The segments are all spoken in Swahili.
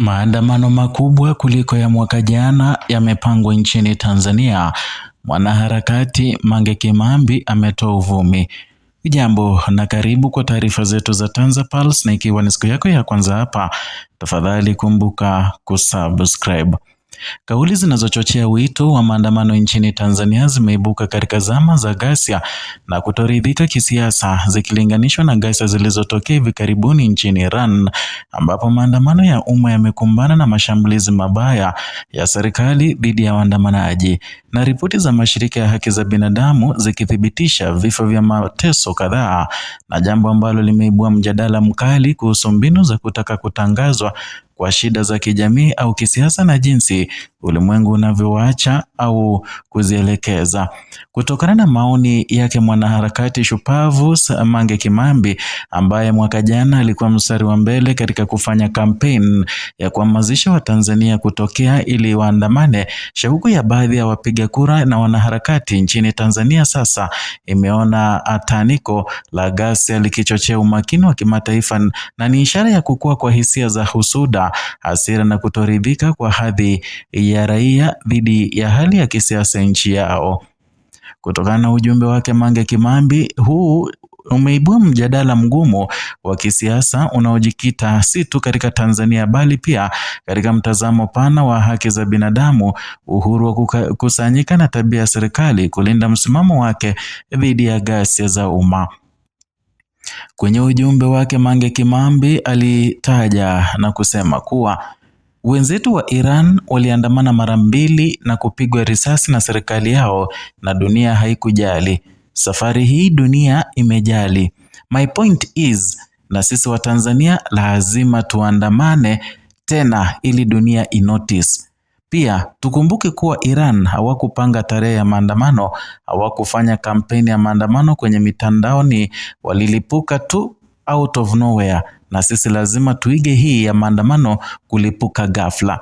Maandamano makubwa kuliko ya mwaka jana yamepangwa nchini Tanzania. Mwanaharakati Mange Kimambi ametoa uvumi. Jambo na karibu kwa taarifa zetu za TanzaPulse, na ikiwa ni siku yako ya kwanza hapa, tafadhali kumbuka kusubscribe. Kauli zinazochochea wito wa maandamano nchini Tanzania zimeibuka katika zama za ghasia na kutoridhika kisiasa zikilinganishwa na ghasia zilizotokea hivi karibuni nchini Iran ambapo maandamano ya umma yamekumbana na mashambulizi mabaya ya serikali dhidi ya waandamanaji na ripoti za mashirika ya haki za binadamu zikithibitisha vifo vya mateso kadhaa, na jambo ambalo limeibua mjadala mkali kuhusu mbinu za kutaka kutangazwa kwa shida za kijamii au kisiasa na jinsi ulimwengu unavyowaacha au kuzielekeza. Kutokana na maoni yake mwanaharakati shupavu Mange Kimambi, ambaye mwaka jana alikuwa mstari wa mbele katika kufanya kampeni ya kuhamasisha Watanzania kutokea ili waandamane, shauku ya baadhi ya wapiga kura na wanaharakati nchini Tanzania sasa imeona ataniko la ghasia likichochea umakini wa kimataifa, na ni ishara ya kukua kwa hisia za husuda, hasira na kutoridhika kwa hadhi ya raia dhidi ya hali ya kisiasa nchi yao. Kutokana na ujumbe wake Mange Kimambi, huu umeibua mjadala mgumu wa kisiasa unaojikita si tu katika Tanzania bali pia katika mtazamo pana wa haki za binadamu, uhuru wa kukusanyika na tabia ya serikali kulinda msimamo wake dhidi ya ghasia za umma. Kwenye ujumbe wake Mange Kimambi alitaja na kusema kuwa Wenzetu wa Iran waliandamana mara mbili na kupigwa risasi na serikali yao na dunia haikujali. Safari hii dunia imejali. My point is na sisi wa Tanzania lazima tuandamane tena ili dunia inotice. Pia tukumbuke kuwa Iran hawakupanga tarehe ya maandamano, hawakufanya kampeni ya maandamano kwenye mitandaoni, walilipuka tu out of nowhere, na sisi lazima tuige hii ya maandamano kulipuka ghafla.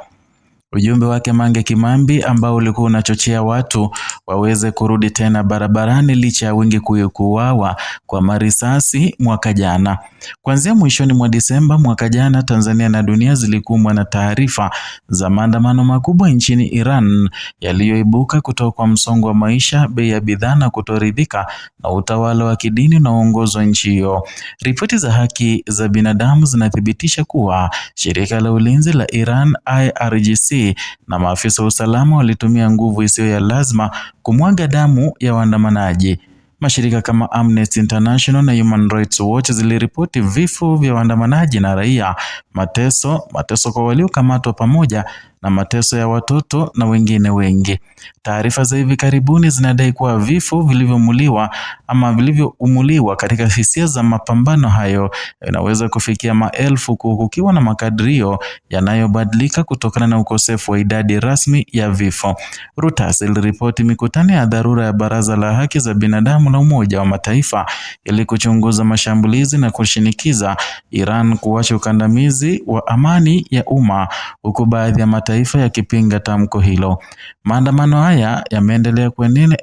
Ujumbe wake Mange Kimambi ambao ulikuwa unachochea watu waweze kurudi tena barabarani licha ya wingi kuuawa kwa marisasi mwaka jana. Kuanzia mwishoni mwa Disemba mwaka jana, Tanzania na dunia zilikumbwa na taarifa za maandamano makubwa nchini Iran yaliyoibuka kutoka kwa msongo wa maisha, bei ya bidhaa na kutoridhika na utawala wa kidini unaoongozwa nchi hiyo. Ripoti za haki za binadamu zinathibitisha kuwa shirika la ulinzi la Iran IRGC na maafisa wa usalama walitumia nguvu isiyo ya lazima kumwaga damu ya waandamanaji. Mashirika kama Amnesty International na Human Rights Watch ziliripoti vifo vya waandamanaji na raia, mateso, mateso kwa waliokamatwa pamoja na mateso ya watoto na wengine wengi. Taarifa za hivi karibuni zinadai kuwa vifo vilivyomuliwa ama vilivyoumuliwa katika hisia za mapambano hayo inaweza kufikia maelfu, kukiwa na makadirio yanayobadilika kutokana na ukosefu wa idadi rasmi ya vifo. Reuters iliripoti mikutano ya dharura ya Baraza la Haki za Binadamu la Umoja wa Mataifa ili kuchunguza mashambulizi na kushinikiza Iran kuacha ukandamizi wa amani ya umma huku baadhi ya kimataifa yakipinga tamko hilo. Maandamano haya yameendelea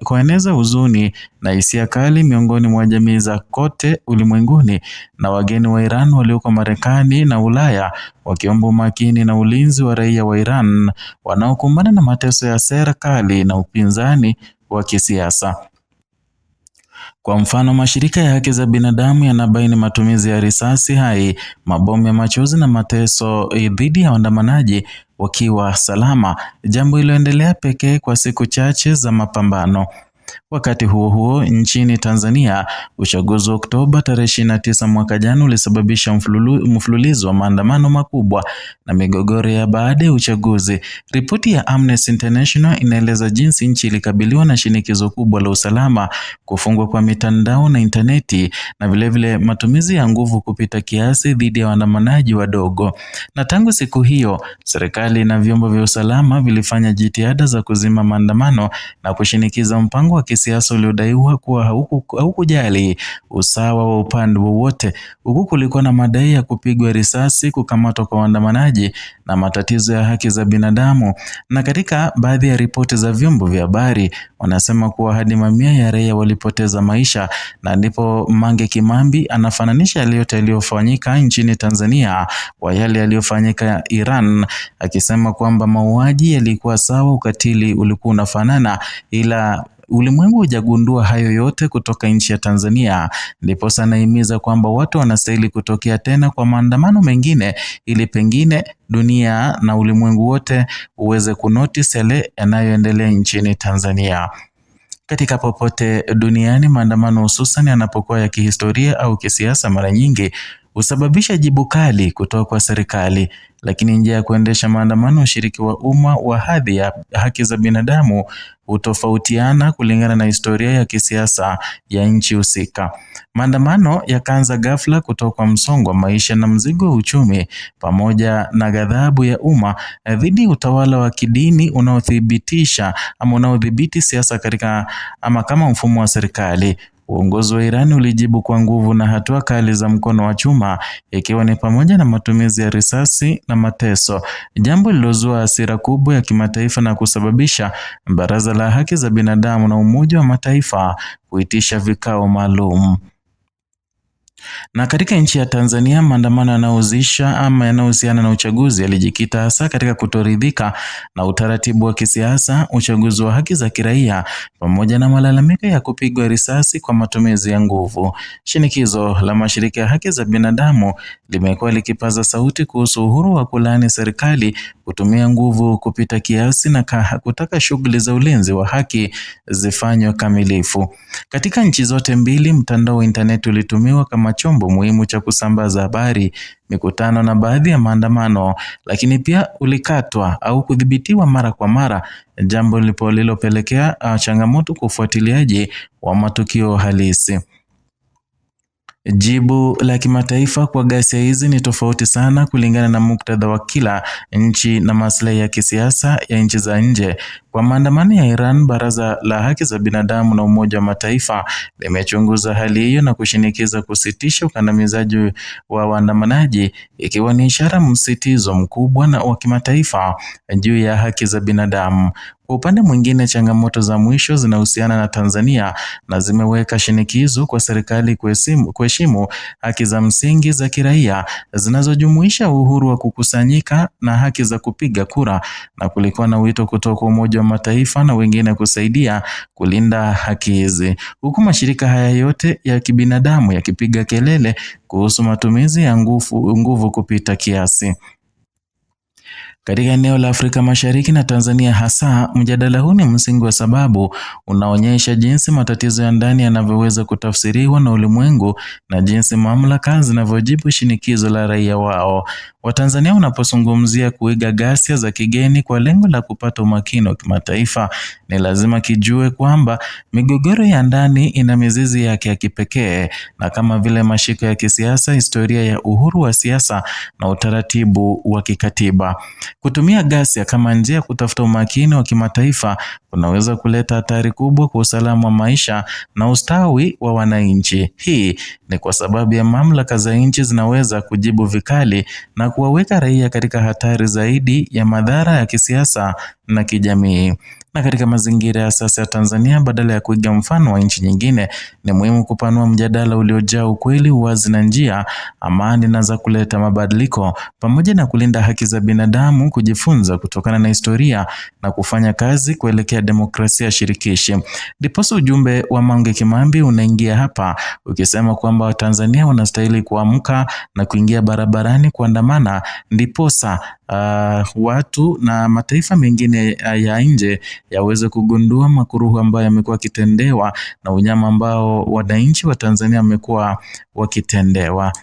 kueneza huzuni na hisia kali miongoni mwa jamii za kote ulimwenguni na wageni wa Iran walioko Marekani na Ulaya wakiomba umakini na ulinzi wa raia wa Iran wanaokumbana na mateso ya serikali na upinzani wa kisiasa. Kwa mfano, mashirika ya haki za binadamu yanabaini matumizi ya risasi hai, mabomu ya machozi na mateso eh, dhidi ya waandamanaji wakiwa salama, jambo lililoendelea pekee kwa siku chache za mapambano. Wakati huo huo, nchini Tanzania, uchaguzi wa Oktoba tarehe 29 mwaka jana ulisababisha mfululizo wa maandamano makubwa na migogoro ya baada ya uchaguzi. Ripoti ya Amnesty International inaeleza jinsi nchi ilikabiliwa na shinikizo kubwa la usalama, kufungwa kwa mitandao na intaneti, na vilevile vile matumizi ya nguvu kupita kiasi dhidi ya waandamanaji wadogo. Na tangu siku hiyo, serikali na vyombo vya usalama vilifanya jitihada za kuzima maandamano na kushinikiza mpango wa kisiasa uliodaiwa kuwa haukujali usawa wa upande wowote, huku kulikuwa na madai ya kupigwa risasi, kukamatwa kwa waandamanaji na matatizo ya haki za binadamu. Na katika baadhi ya ripoti za vyombo vya habari wanasema kuwa hadi mamia ya raia walipoteza maisha, na ndipo Mange Kimambi anafananisha yote yaliyofanyika nchini Tanzania kwa yale yaliyofanyika Iran, akisema kwamba mauaji yalikuwa sawa, ukatili ulikuwa unafanana, ila ulimwengu hujagundua hayo yote kutoka nchi ya Tanzania. ndipo anahimiza kwamba watu wanastahili kutokea tena kwa maandamano mengine, ili pengine dunia na ulimwengu wote uweze kunotice yale yanayoendelea nchini Tanzania. Katika popote duniani, maandamano hususan yanapokuwa ya kihistoria au kisiasa, mara nyingi husababisha jibu kali kutoka kwa serikali, lakini njia ya kuendesha maandamano, ushiriki wa umma wa hadhi ya haki za binadamu hutofautiana kulingana na historia ya kisiasa ya nchi husika. Maandamano yakaanza ghafla kutoka kwa msongo wa maisha na mzigo wa uchumi, pamoja na ghadhabu ya umma dhidi utawala wa kidini unaothibitisha ama unaodhibiti siasa katika ama kama mfumo wa serikali. Uongozi wa Iran ulijibu kwa nguvu na hatua kali za mkono wa chuma ikiwa ni pamoja na matumizi ya risasi na mateso, jambo lilozua hasira kubwa ya kimataifa na kusababisha Baraza la Haki za Binadamu na Umoja wa Mataifa kuitisha vikao maalum. Na katika nchi ya Tanzania, maandamano yanayohusisha ama yanayohusiana na uchaguzi yalijikita hasa katika kutoridhika na utaratibu wa kisiasa, uchaguzi wa haki za kiraia, pamoja na malalamiko ya kupigwa risasi kwa matumizi ya nguvu. Shinikizo la mashirika ya haki za binadamu limekuwa likipaza sauti kuhusu uhuru wa kulaani serikali kutumia nguvu kupita kiasi na kutaka shughuli za ulinzi wa haki zifanywe kamilifu. Katika nchi zote mbili, mtandao wa intaneti ulitumiwa kama chombo muhimu cha kusambaza habari, mikutano na baadhi ya maandamano, lakini pia ulikatwa au kudhibitiwa mara kwa mara, jambo lililopelekea ah, changamoto kwa ufuatiliaji wa matukio halisi. Jibu la kimataifa kwa ghasia hizi ni tofauti sana kulingana na muktadha wa kila nchi na maslahi ya kisiasa ya nchi za nje. Kwa maandamano ya Iran, Baraza la Haki za Binadamu na Umoja wa Mataifa limechunguza hali hiyo na kushinikiza kusitisha ukandamizaji wa waandamanaji, ikiwa ni ishara msitizo mkubwa na wa kimataifa juu ya haki za binadamu. Kwa upande mwingine, changamoto za mwisho zinahusiana na Tanzania na zimeweka shinikizo kwa serikali kuheshimu haki za msingi za kiraia zinazojumuisha uhuru wa kukusanyika na haki za kupiga kura, na kulikuwa na wito kutoka Umoja wa Mataifa na wengine kusaidia kulinda haki hizi, huku mashirika haya yote ya kibinadamu yakipiga kelele kuhusu matumizi ya nguvu, nguvu kupita kiasi katika eneo la Afrika Mashariki na Tanzania hasa. Mjadala huu ni msingi wa sababu unaonyesha jinsi matatizo ya ndani yanavyoweza kutafsiriwa na ulimwengu na jinsi mamlaka zinavyojibu shinikizo la raia wao. Watanzania unapozungumzia kuiga ghasia za kigeni kwa lengo la kupata umakini wa kimataifa, ni lazima kijue kwamba migogoro ya ndani ina mizizi yake ya kipekee, na kama vile mashiko ya kisiasa, historia ya uhuru wa siasa na utaratibu wa kikatiba. Kutumia ghasia kama njia ya kutafuta umakini wa kimataifa kunaweza kuleta hatari kubwa kwa usalama wa maisha na ustawi wa wananchi. Hii ni kwa sababu ya mamlaka za nchi zinaweza kujibu vikali na kuwaweka raia katika hatari zaidi ya madhara ya kisiasa na kijamii na katika mazingira ya sasa ya Tanzania, badala ya kuiga mfano wa nchi nyingine, ni muhimu kupanua mjadala uliojaa ukweli, uwazi na njia amani na za kuleta mabadiliko, pamoja na kulinda haki za binadamu, kujifunza kutokana na historia na kufanya kazi kuelekea demokrasia shirikishi. Ndiposa ujumbe wa Mange Kimambi unaingia hapa ukisema kwamba Watanzania wanastahili kuamka na kuingia barabarani kuandamana, ndiposa uh, watu na mataifa mengine ya nje yaweze kugundua makuruhu ambayo yamekuwa kitendewa na unyama ambao wananchi wa Tanzania wamekuwa wakitendewa.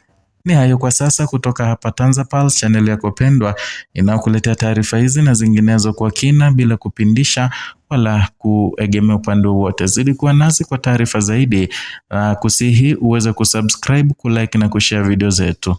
Ni hayo kwa sasa kutoka hapa TanzaPulse, channel yako pendwa inayokuletea taarifa hizi na zinginezo kwa kina bila kupindisha wala kuegemea upande wowote. Zidi kuwa nasi kwa taarifa zaidi na kusihi uweze kusubscribe, kulike na kushare video zetu.